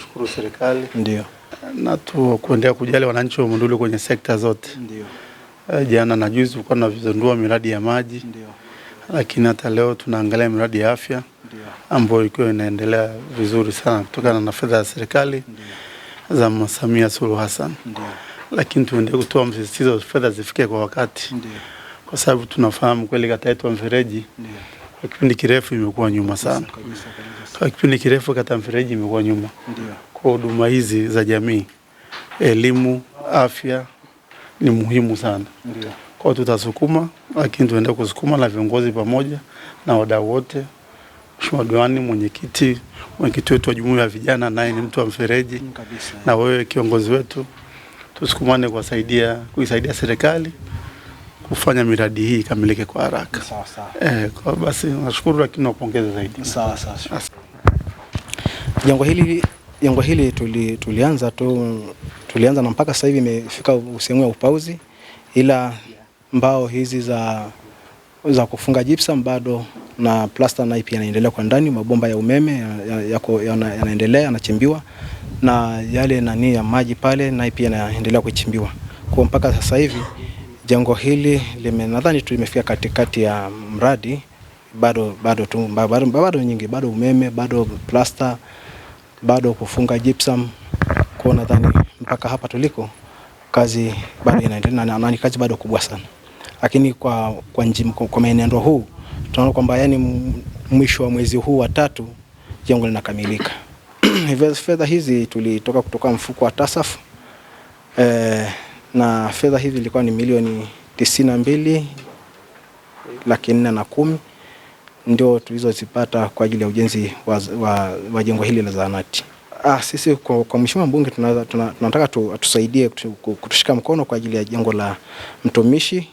Shukuru serikali ndio na tu kuendelea kujali wananchi wa Monduli kwenye sekta zote. Ndio. Eh, jana na juzi tulikuwa tunazindua miradi ya maji. Ndio. Lakini hata leo tunaangalia miradi ya afya ambayo ikiwa inaendelea vizuri sana kutokana na fedha ya serikali za Samia Suluhu Hassan, lakini tuendelee kutoa msisitizo fedha zifike kwa wakati Ndiyo. kwa sababu tunafahamu kweli kata yetu ya Mfereji kwa kipindi kirefu imekuwa nyuma sana kabisa, kabisa. kwa kipindi kirefu kata ya Mfereji imekuwa nyuma Ndiyo. kwa huduma hizi za jamii, elimu, afya ni muhimu sana Ndiyo. kwa tutasukuma, lakini tuendelee kusukuma na viongozi pamoja na wadau wote Mheshimiwa Diwani, mwenyekiti mwenyekiti wetu wa jumuiya ya vijana naye ni mtu wa mfereji kabisa, na wewe kiongozi wetu, tusukumane kuwasaidia kuisaidia serikali kufanya miradi hii ikamilike kwa haraka. Eh, kwa basi nashukuru lakini napongeza zaidi. Sawa sawa. Jengo hili jengo hili tuli, tulianza tu tulianza na mpaka sasa hivi imefika sehemu ya upauzi, ila mbao hizi za za kufunga gypsum bado na plasta naye pia yanaendelea kwa ndani, mabomba ya umeme yako yanaendelea ya yanachimbiwa, na yale nani ya maji pale naye pia yanaendelea kuchimbiwa. Kwa mpaka sasa hivi jengo hili nadhani tu limefika katikati ya mradi, bado bado tu bado, bado nyingi bado umeme bado plasta bado kufunga gypsum. Kwa nadhani mpaka hapa tuliko kazi bado inaendelea na kazi bado kubwa sana, lakini kwa kwa, kwa, kwa maeneo huu tunaona kwamba yani mwisho wa mwezi huu wa tatu jengo linakamilika. Hivyo fedha hizi tulitoka kutoka mfuko wa TASAF eh, na fedha hizi ilikuwa ni milioni tisini na mbili laki nne na kumi ndio tulizozipata kwa ajili ya ujenzi wa, wa, wa jengo hili la zahanati. Ah, sisi kwa, kwa mheshimiwa mbunge tunataka tuna, tunataka atusaidie kutushika mkono kwa ajili ya jengo la mtumishi